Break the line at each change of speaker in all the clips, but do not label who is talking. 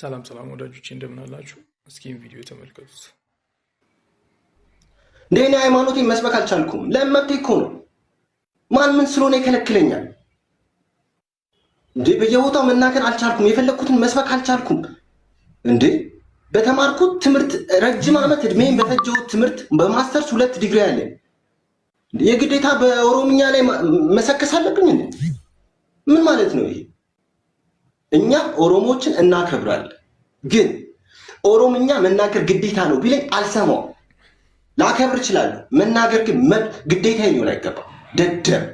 ሰላም ሰላም ወዳጆች እንደምን አላችሁ? እስኪ ቪዲዮ ተመልከቱት።
እንደ እኔ ሃይማኖቴን መስበክ አልቻልኩም። ለመብቴ እኮ ነው። ማን ምን ስለሆነ ይከለክለኛል እንዴ? በየቦታው መናገር አልቻልኩም። የፈለግኩትን መስበክ አልቻልኩም እንዴ? በተማርኩት ትምህርት ረጅም ዓመት እድሜን በፈጀሁት ትምህርት በማስተርስ ሁለት ዲግሪ አለኝ። የግዴታ በኦሮምኛ ላይ መሰከስ አለብኝ? ምን ማለት ነው ይሄ? እኛ ኦሮሞዎችን እናከብራለን፣ ግን ኦሮምኛ መናገር ግዴታ ነው ቢለኝ አልሰማው። ላከብር እችላለሁ፣ መናገር ግን ግዴታ ሊሆን አይገባም። ደደብ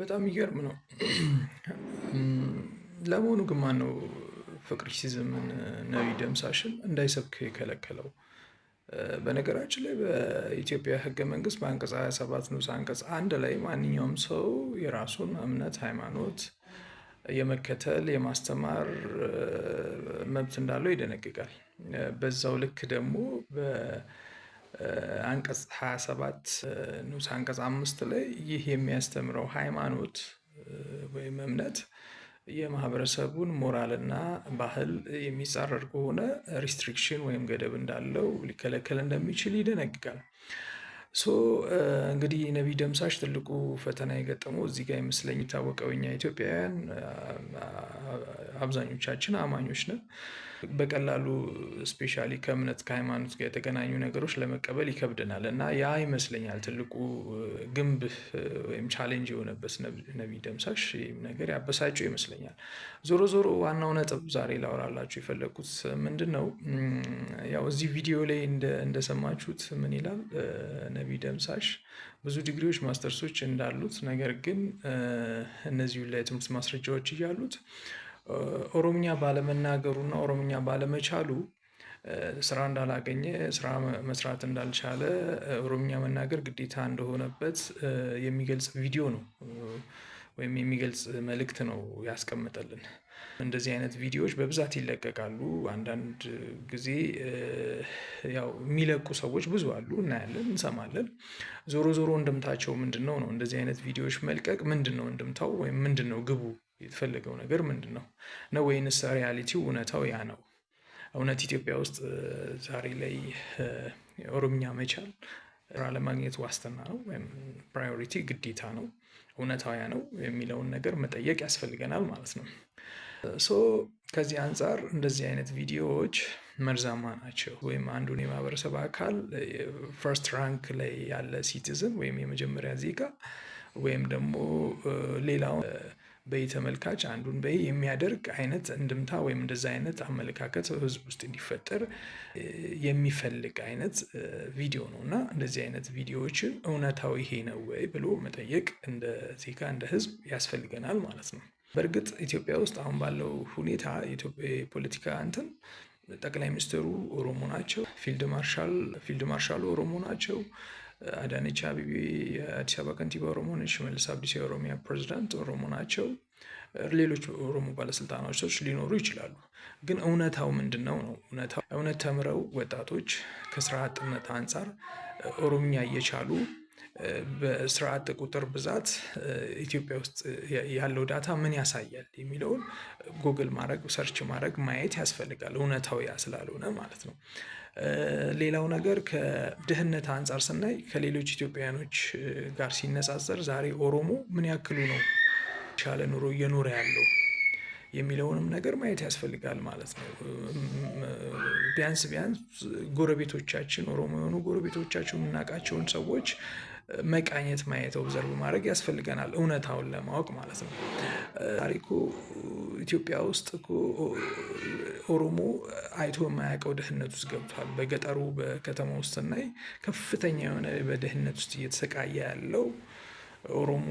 በጣም ይገርም ነው። ለመሆኑ ግን ማን ነው ፍቅር ሲዝምን ነዊ ደምሳሽን እንዳይሰብክ የከለከለው? በነገራችን ላይ በኢትዮጵያ ሕገ መንግስት በአንቀጽ 27 ንዑስ አንቀጽ አንድ ላይ ማንኛውም ሰው የራሱን እምነት ሃይማኖት የመከተል የማስተማር መብት እንዳለው ይደነግጋል። በዛው ልክ ደግሞ በአንቀጽ 27 ንዑስ አንቀጽ አምስት ላይ ይህ የሚያስተምረው ሃይማኖት ወይም እምነት የማህበረሰቡን ሞራልና ባህል የሚጻረር ከሆነ ሪስትሪክሽን ወይም ገደብ እንዳለው ሊከለከል እንደሚችል ይደነግጋል። ሶ እንግዲህ ነቢይ ደምሳሽ ትልቁ ፈተና የገጠመው እዚህ ጋር ይመስለኝ የታወቀው እኛ ኢትዮጵያውያን አብዛኞቻችን አማኞች ነን። በቀላሉ ስፔሻሊ ከእምነት ከሃይማኖት ጋር የተገናኙ ነገሮች ለመቀበል ይከብደናል እና ያ ይመስለኛል ትልቁ ግንብ ወይም ቻሌንጅ የሆነበት ነቢይ ደምሳሽ ይህም ነገር ያበሳጨው ይመስለኛል። ዞሮ ዞሮ ዋናው ነጥብ ዛሬ ላወራላችሁ የፈለግኩት ምንድን ነው ያው እዚህ ቪዲዮ ላይ እንደሰማችሁት ምን ይላል ነቢይ ደምሳሽ ብዙ ዲግሪዎች ማስተርሶች እንዳሉት ነገር ግን እነዚህ ላይ ትምህርት ማስረጃዎች እያሉት ኦሮምኛ ባለመናገሩና ኦሮምኛ ባለመቻሉ ስራ እንዳላገኘ ስራ መስራት እንዳልቻለ ኦሮምኛ መናገር ግዴታ እንደሆነበት የሚገልጽ ቪዲዮ ነው ወይም የሚገልጽ መልእክት ነው ያስቀምጠልን። እንደዚህ አይነት ቪዲዮዎች በብዛት ይለቀቃሉ። አንዳንድ ጊዜ ያው የሚለቁ ሰዎች ብዙ አሉ፣ እናያለን፣ እንሰማለን። ዞሮ ዞሮ እንድምታቸው ምንድን ነው ነው? እንደዚህ አይነት ቪዲዮዎች መልቀቅ ምንድን ነው እንድምታው ወይም ምንድን ነው ግቡ? የተፈለገው ነገር ምንድን ነው ነው ወይንስ ሪያሊቲው እውነታው ያ ነው? እውነት ኢትዮጵያ ውስጥ ዛሬ ላይ ኦሮምኛ መቻል ስራ ለማግኘት ዋስትና ነው ወይም ፕራዮሪቲ ግዴታ ነው እውነታውያ ነው የሚለውን ነገር መጠየቅ ያስፈልገናል ማለት ነው። ሶ ከዚህ አንጻር እንደዚህ አይነት ቪዲዮዎች መርዛማ ናቸው ወይም አንዱን የማህበረሰብ አካል ፈርስት ራንክ ላይ ያለ ሲቲዝን ወይም የመጀመሪያ ዜጋ ወይም ደግሞ ሌላውን በይ ተመልካች አንዱን በይ የሚያደርግ አይነት እንድምታ ወይም እንደዛ አይነት አመለካከት ህዝብ ውስጥ እንዲፈጠር የሚፈልግ አይነት ቪዲዮ ነው እና እንደዚህ አይነት ቪዲዮዎችን እውነታዊ ይሄ ነው ወይ ብሎ መጠየቅ እንደ ዜጋ እንደ ህዝብ ያስፈልገናል ማለት ነው። በእርግጥ ኢትዮጵያ ውስጥ አሁን ባለው ሁኔታ የፖለቲካ እንትን ጠቅላይ ሚኒስትሩ ኦሮሞ ናቸው። ፊልድ ማርሻል ፊልድ ማርሻሉ ኦሮሞ ናቸው። አዳነች አቤቤ የአዲስ አበባ ከንቲባ ኦሮሞ ነች። ሽመልስ አብዲሳ የኦሮሚያ ፕሬዚዳንት ኦሮሞ ናቸው። ሌሎች ኦሮሞ ሰዎች ሊኖሩ ይችላሉ። ግን እውነታው ምንድን ነው ነው እውነት ተምረው ወጣቶች ከስራ አጥነት አንጻር ኦሮምኛ እየቻሉ በስርዓት ቁጥር ብዛት ኢትዮጵያ ውስጥ ያለው ዳታ ምን ያሳያል የሚለውን ጉግል ማድረግ ሰርች ማድረግ ማየት ያስፈልጋል፣ እውነታው ያ ስላልሆነ ማለት ነው። ሌላው ነገር ከድህነት አንጻር ስናይ ከሌሎች ኢትዮጵያውያኖች ጋር ሲነጻጸር ዛሬ ኦሮሞ ምን ያክሉ ነው የተሻለ ኑሮ እየኖረ ያለው? የሚለውንም ነገር ማየት ያስፈልጋል ማለት ነው። ቢያንስ ቢያንስ ጎረቤቶቻችን ኦሮሞ የሆኑ ጎረቤቶቻችን የምናውቃቸውን ሰዎች መቃኘት፣ ማየት፣ ኦብዘርቭ ማድረግ ያስፈልገናል እውነታውን ለማወቅ ማለት ነው። ታሪኩ ኢትዮጵያ ውስጥ እኮ ኦሮሞ አይቶ የማያውቀው ድህነት ውስጥ ገብቷል። በገጠሩ በከተማ ውስጥ ስናይ ከፍተኛ የሆነ በድህነት ውስጥ እየተሰቃየ ያለው ኦሮሞ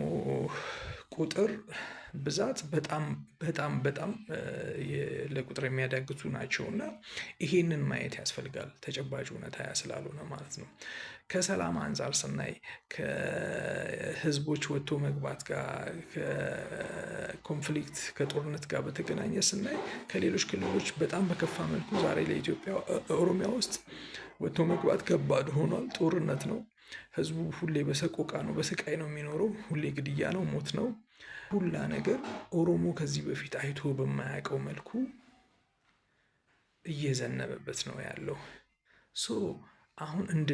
ቁጥር ብዛት በጣም በጣም በጣም ለቁጥር የሚያዳግቱ ናቸው እና ይሄንን ማየት ያስፈልጋል። ተጨባጭ እውነታ ስላልሆነ ማለት ነው። ከሰላም አንጻር ስናይ ከህዝቦች ወጥቶ መግባት ጋር ከኮንፍሊክት ከጦርነት ጋር በተገናኘ ስናይ ከሌሎች ክልሎች በጣም በከፋ መልኩ ዛሬ ለኢትዮጵያ ኦሮሚያ ውስጥ ወጥቶ መግባት ከባድ ሆኗል። ጦርነት ነው። ህዝቡ ሁሌ በሰቆቃ ነው፣ በስቃይ ነው የሚኖረው። ሁሌ ግድያ ነው፣ ሞት ነው፣ ሁላ ነገር ኦሮሞ ከዚህ በፊት አይቶ በማያውቀው መልኩ እየዘነበበት ነው ያለው። ሶ አሁን እንደ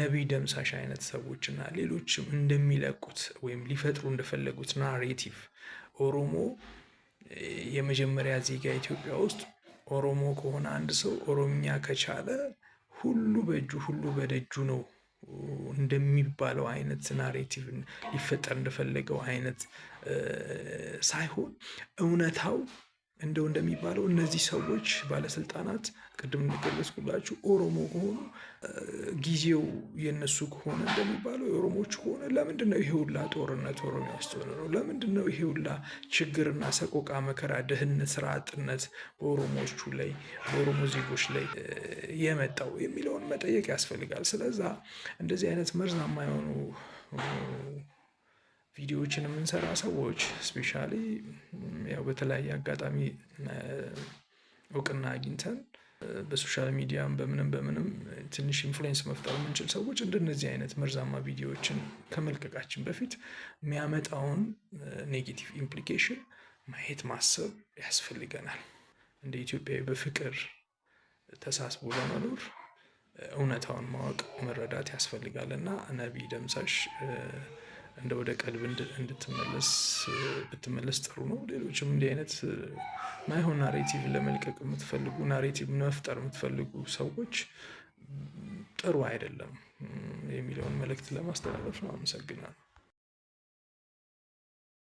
ነቢይ ደምሳሽ አይነት ሰዎች እና ሌሎችም እንደሚለቁት ወይም ሊፈጥሩ እንደፈለጉት ናሬቲቭ ኦሮሞ የመጀመሪያ ዜጋ ኢትዮጵያ ውስጥ ኦሮሞ ከሆነ አንድ ሰው ኦሮምኛ ከቻለ ሁሉ በእጁ ሁሉ በደጁ ነው እንደሚባለው አይነት ናሬቲቭ ሊፈጠር እንደፈለገው አይነት ሳይሆን እውነታው እንደው እንደሚባለው እነዚህ ሰዎች ባለስልጣናት ቅድም እንገለጽኩላችሁ ኦሮሞ ከሆኑ ጊዜው የነሱ ከሆነ እንደሚባለው የኦሮሞቹ ከሆነ ለምንድን ነው ይሄ ሁላ ጦርነት ኦሮሚያ ውስጥ ሆነ ነው? ለምንድን ነው ይሄ ሁላ ችግርና ሰቆቃ፣ መከራ፣ ድህነት፣ ስራ አጥነት በኦሮሞዎቹ ላይ በኦሮሞ ዜጎች ላይ የመጣው የሚለውን መጠየቅ ያስፈልጋል። ስለዛ እንደዚህ አይነት መርዛማ የሆኑ ቪዲዮዎችን የምንሰራ ሰዎች ስፔሻሊ ያው በተለያየ አጋጣሚ እውቅና አግኝተን በሶሻል ሚዲያም በምንም በምንም ትንሽ ኢንፍሉዌንስ መፍጠር የምንችል ሰዎች እንደነዚህ አይነት መርዛማ ቪዲዮዎችን ከመልቀቃችን በፊት የሚያመጣውን ኔጌቲቭ ኢምፕሊኬሽን ማየት ማሰብ ያስፈልገናል። እንደ ኢትዮጵያዊ በፍቅር ተሳስቦ ለመኖር እውነታውን ማወቅ መረዳት ያስፈልጋል እና ነቢይ ደምሳሽ እንደ ወደ ቀልብ እንድትመለስ ብትመለስ ጥሩ ነው። ሌሎችም እንዲህ አይነት ማይሆን ናሬቲቭ ለመልቀቅ የምትፈልጉ ናሬቲቭ መፍጠር የምትፈልጉ ሰዎች ጥሩ አይደለም የሚለውን መልእክት ለማስተላለፍ ነው። አመሰግናለሁ።